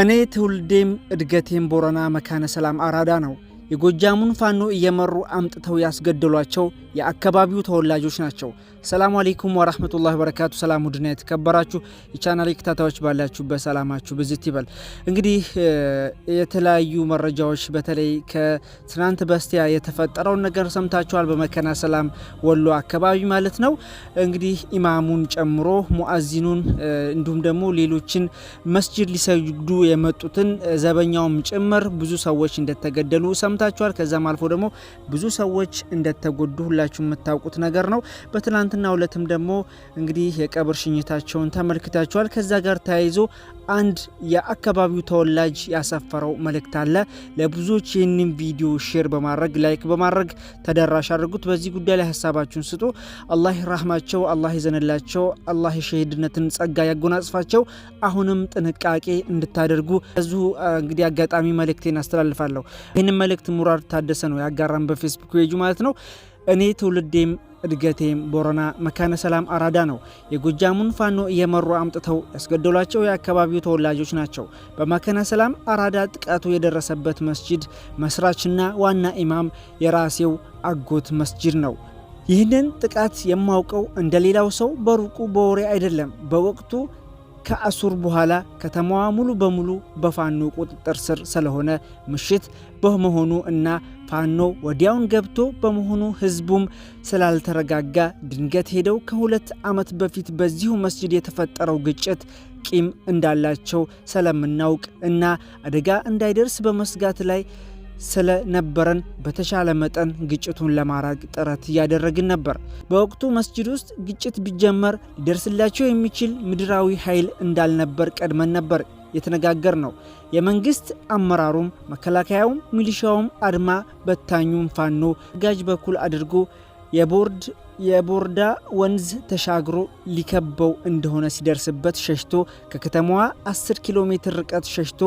እኔ ትውልዴም እድገቴም ቦረና መካነ ሰላም አራዳ ነው። የጎጃሙን ፋኖ እየመሩ አምጥተው ያስገደሏቸው የአካባቢው ተወላጆች ናቸው። ሰላሙ አሌይኩም ወራህመቱላ ወበረካቱ። ሰላም ውድና የተከበራችሁ የቻናል ክታታዎች ባላችሁበት ሰላማችሁ ብዝት ይበል። እንግዲህ የተለያዩ መረጃዎች በተለይ ከትናንት በስቲያ የተፈጠረውን ነገር ሰምታችኋል። በመከና ሰላም ወሎ አካባቢ ማለት ነው። እንግዲህ ኢማሙን ጨምሮ ሙአዚኑን እንዲሁም ደግሞ ሌሎችን መስጅድ ሊሰግዱ የመጡትን ዘበኛውም ጭምር ብዙ ሰዎች እንደተገደሉ ሰምታችኋል። ከዛም አልፎ ደግሞ ብዙ ሰዎች እንደተጎዱ ሁላ ሁላችሁ የምታውቁት ነገር ነው። በትናንትና ሁለትም ደግሞ እንግዲህ የቀብር ሽኝታቸውን ተመልክታችኋል። ከዛ ጋር ተያይዞ አንድ የአካባቢው ተወላጅ ያሰፈረው መልእክት አለ። ለብዙዎች ይህንን ቪዲዮ ሼር በማድረግ ላይክ በማድረግ ተደራሽ አድርጉት። በዚህ ጉዳይ ላይ ሀሳባችሁን ስጡ። አላህ ራህማቸው፣ አላህ ይዘንላቸው፣ አላህ የሸሂድነትን ጸጋ ያጎናጽፋቸው። አሁንም ጥንቃቄ እንድታደርጉ እዚሁ እንግዲህ አጋጣሚ መልእክቴን አስተላልፋለሁ። ይህንን መልእክት ሙራር ታደሰ ነው ያጋራን በፌስቡክ ፔጁ ማለት ነው። እኔ ትውልዴም እድገቴም ቦረና መካነ ሰላም አራዳ ነው። የጎጃሙን ፋኖ እየመሩ አምጥተው ያስገደሏቸው የአካባቢው ተወላጆች ናቸው። በመካነ ሰላም አራዳ ጥቃቱ የደረሰበት መስጂድ መስራችና ዋና ኢማም የራሴው አጎት መስጂድ ነው። ይህንን ጥቃት የማውቀው እንደሌላው ሰው በሩቁ በወሬ አይደለም። በወቅቱ ከአሱር በኋላ ከተማዋ ሙሉ በሙሉ በፋኖ ቁጥጥር ስር ስለሆነ ምሽት በመሆኑ እና ፋኖ ወዲያውን ገብቶ በመሆኑ ህዝቡም ስላልተረጋጋ ድንገት ሄደው ከሁለት ዓመት በፊት በዚሁ መስጅድ የተፈጠረው ግጭት ቂም እንዳላቸው ስለምናውቅ እና አደጋ እንዳይደርስ በመስጋት ላይ ስለነበረን በተሻለ መጠን ግጭቱን ለማራቅ ጥረት እያደረግን ነበር። በወቅቱ መስጂድ ውስጥ ግጭት ቢጀመር ሊደርስላቸው የሚችል ምድራዊ ኃይል እንዳልነበር ቀድመን ነበር የተነጋገር ነው። የመንግስት አመራሩም መከላከያውም ሚሊሻውም አድማ በታኙም ፋኖ ጋጅ በኩል አድርጎ የቦርድ የቦርዳ ወንዝ ተሻግሮ ሊከበው እንደሆነ ሲደርስበት ሸሽቶ ከከተማዋ 10 ኪሎ ሜትር ርቀት ሸሽቶ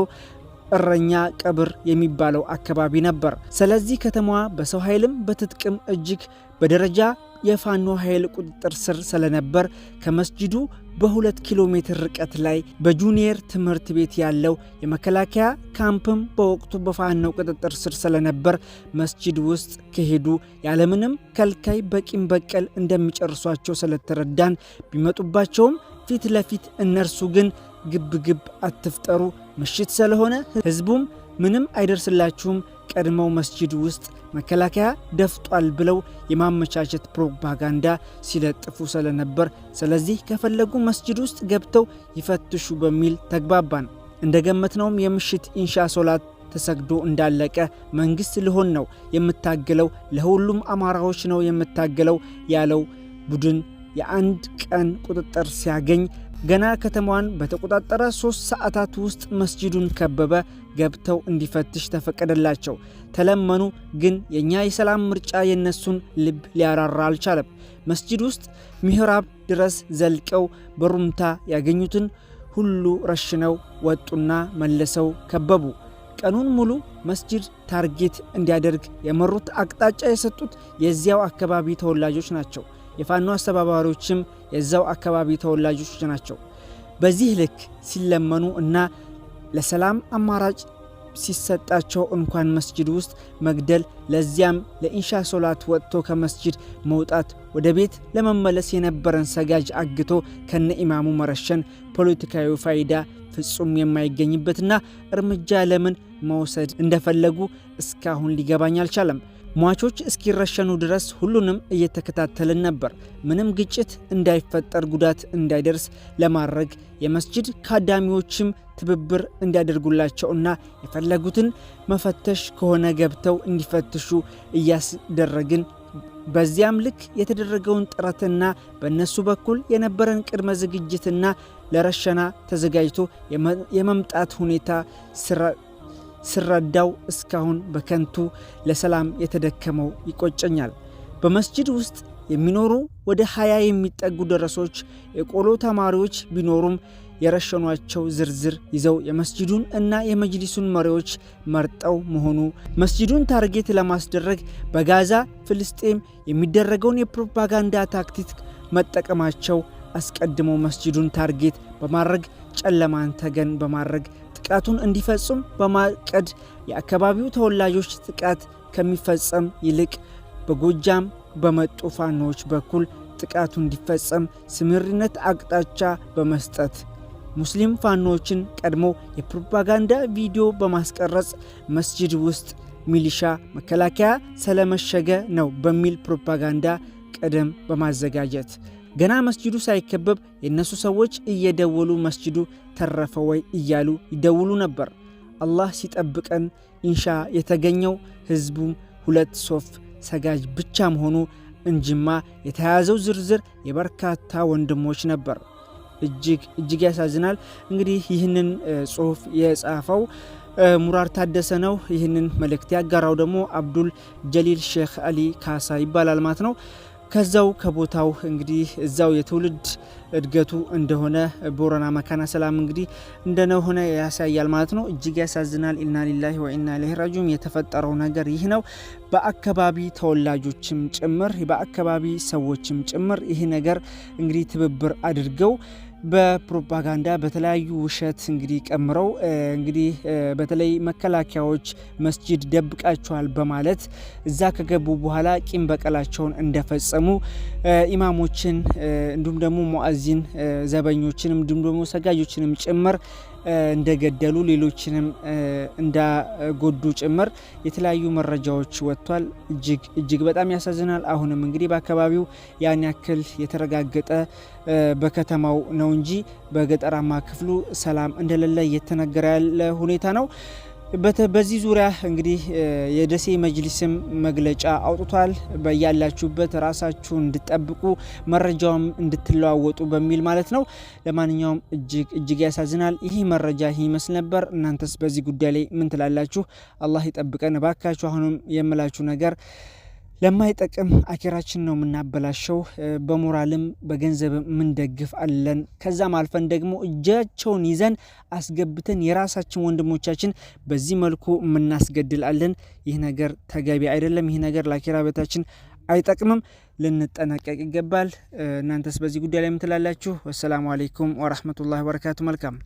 እረኛ ቀብር የሚባለው አካባቢ ነበር። ስለዚህ ከተማዋ በሰው ኃይልም በትጥቅም እጅግ በደረጃ የፋኖ ኃይል ቁጥጥር ስር ስለነበር ከመስጅዱ በሁለት ኪሎ ሜትር ርቀት ላይ በጁኒየር ትምህርት ቤት ያለው የመከላከያ ካምፕም በወቅቱ በፋኖ ቁጥጥር ስር ስለነበር መስጂድ ውስጥ ከሄዱ ያለምንም ከልካይ በቂም በቀል እንደሚጨርሷቸው ስለተረዳን ቢመጡባቸውም ፊት ለፊት እነርሱ ግን ግብ ግብ አትፍጠሩ ምሽት ስለሆነ ህዝቡም ምንም አይደርስላችሁም፣ ቀድመው መስጂድ ውስጥ መከላከያ ደፍጧል ብለው የማመቻቸት ፕሮፓጋንዳ ሲለጥፉ ስለነበር፣ ስለዚህ ከፈለጉ መስጂድ ውስጥ ገብተው ይፈትሹ በሚል ተግባባን። እንደገመትነውም የምሽት ኢንሻ ሶላት ተሰግዶ እንዳለቀ መንግስት ልሆን ነው የምታገለው፣ ለሁሉም አማራዎች ነው የምታገለው ያለው ቡድን የአንድ ቀን ቁጥጥር ሲያገኝ ገና ከተማዋን በተቆጣጠረ ሦስት ሰዓታት ውስጥ መስጂዱን ከበበ። ገብተው እንዲፈትሽ ተፈቀደላቸው። ተለመኑ፣ ግን የእኛ የሰላም ምርጫ የእነሱን ልብ ሊያራራ አልቻለም። መስጂድ ውስጥ ሚህራብ ድረስ ዘልቀው በሩምታ ያገኙትን ሁሉ ረሽነው ወጡና መለሰው ከበቡ። ቀኑን ሙሉ መስጂድ ታርጌት እንዲያደርግ የመሩት አቅጣጫ የሰጡት የዚያው አካባቢ ተወላጆች ናቸው። የፋኖ አስተባባሪዎችም የዛው አካባቢ ተወላጆች ናቸው። በዚህ ልክ ሲለመኑ እና ለሰላም አማራጭ ሲሰጣቸው እንኳን መስጅድ ውስጥ መግደል ለዚያም ለኢንሻ ሶላት ወጥቶ ከመስጅድ መውጣት ወደ ቤት ለመመለስ የነበረን ሰጋጅ አግቶ ከነ ኢማሙ መረሸን ፖለቲካዊ ፋይዳ ፍጹም የማይገኝበትና እርምጃ ለምን መውሰድ እንደፈለጉ እስካሁን ሊገባኝ አልቻለም። ሟቾች እስኪረሸኑ ድረስ ሁሉንም እየተከታተልን ነበር። ምንም ግጭት እንዳይፈጠር፣ ጉዳት እንዳይደርስ ለማድረግ የመስጅድ ካዳሚዎችም ትብብር እንዲያደርጉላቸውና የፈለጉትን መፈተሽ ከሆነ ገብተው እንዲፈትሹ እያስደረግን በዚያም ልክ የተደረገውን ጥረትና በእነሱ በኩል የነበረን ቅድመ ዝግጅትና ለረሸና ተዘጋጅቶ የመምጣት ሁኔታ ስራ ስረዳው እስካሁን በከንቱ ለሰላም የተደከመው ይቆጨኛል። በመስጂድ ውስጥ የሚኖሩ ወደ ሀያ የሚጠጉ ደረሶች የቆሎ ተማሪዎች ቢኖሩም የረሸኗቸው ዝርዝር ይዘው የመስጂዱን እና የመጅሊሱን መሪዎች መርጠው መሆኑ መስጂዱን ታርጌት ለማስደረግ በጋዛ ፍልስጤም የሚደረገውን የፕሮፓጋንዳ ታክቲክ መጠቀማቸው አስቀድሞ መስጂዱን ታርጌት በማድረግ ጨለማን ተገን በማድረግ ጥቃቱን እንዲፈጽም በማቀድ የአካባቢው ተወላጆች ጥቃት ከሚፈጸም ይልቅ በጎጃም በመጡ ፋኖዎች በኩል ጥቃቱ እንዲፈጸም ስምሪነት አቅጣጫ በመስጠት ሙስሊም ፋኖዎችን ቀድሞ የፕሮፓጋንዳ ቪዲዮ በማስቀረጽ መስጂድ ውስጥ ሚሊሻ መከላከያ ስለመሸገ ነው በሚል ፕሮፓጋንዳ ቀደም በማዘጋጀት ገና መስጅዱ ሳይከበብ የእነሱ ሰዎች እየደወሉ መስጅዱ ተረፈ ወይ እያሉ ይደውሉ ነበር። አላህ ሲጠብቀን ኢንሻ የተገኘው ህዝቡም ሁለት ሶፍ ሰጋጅ ብቻ መሆኑ እንጂማ የተያዘው ዝርዝር የበርካታ ወንድሞች ነበር። እጅግ እጅግ ያሳዝናል። እንግዲህ ይህንን ጽሁፍ የጻፈው ሙራር ታደሰ ነው። ይህንን መልእክት ያጋራው ደግሞ አብዱል ጀሊል ሼክ አሊ ካሳ ይባላል ማለት ነው። ከዛው ከቦታው እንግዲህ እዛው የትውልድ እድገቱ እንደሆነ ቦረና መካነ ሰላም እንግዲህ እንደሆነ ያሳያል ማለት ነው። እጅግ ያሳዝናል። ኢና ሊላሂ ወኢና ኢለይሂ ራጂዑን። የተፈጠረው ነገር ይህ ነው። በአካባቢ ተወላጆችም ጭምር በአካባቢ ሰዎችም ጭምር ይሄ ነገር እንግዲህ ትብብር አድርገው በፕሮፓጋንዳ በተለያዩ ውሸት እንግዲህ ቀምረው እንግዲህ በተለይ መከላከያዎች መስጂድ ደብቃቸዋል በማለት እዛ ከገቡ በኋላ ቂም በቀላቸውን እንደፈጸሙ ኢማሞችን እንዲሁም ደግሞ ሙአዚን ዘበኞችን እንዲሁም ደግሞ ሰጋጆችንም ጭምር እንደገደሉ ሌሎችንም እንዳጎዱ ጭምር የተለያዩ መረጃዎች ወጥቷል። እጅግ እጅግ በጣም ያሳዝናል። አሁንም እንግዲህ በአካባቢው ያን ያክል የተረጋገጠ በከተማው ነው እንጂ በገጠራማ ክፍሉ ሰላም እንደሌለ እየተነገረ ያለ ሁኔታ ነው። በዚህ ዙሪያ እንግዲህ የደሴ መጅሊስም መግለጫ አውጥቷል። በያላችሁበት ራሳችሁ እንድጠብቁ መረጃውም እንድትለዋወጡ በሚል ማለት ነው። ለማንኛውም እጅግ እጅግ ያሳዝናል። ይህ መረጃ ይህ ይመስል ነበር። እናንተስ በዚህ ጉዳይ ላይ ምን ትላላችሁ? አላህ ይጠብቀን። እባካችሁ አሁንም የምላችሁ ነገር ለማይጠቅም አኪራችን ነው የምናበላሸው። በሞራልም በገንዘብ የምንደግፍ አለን። ከዛም አልፈን ደግሞ እጃቸውን ይዘን አስገብተን የራሳችን ወንድሞቻችን በዚህ መልኩ የምናስገድል አለን። ይህ ነገር ተገቢ አይደለም። ይህ ነገር ለአኪራ ቤታችን አይጠቅምም። ልንጠነቀቅ ይገባል። እናንተስ በዚህ ጉዳይ ላይ የምትላላችሁ? ወሰላሙ አሌይኩም ወራህመቱላሂ ወበረካቱ። መልካም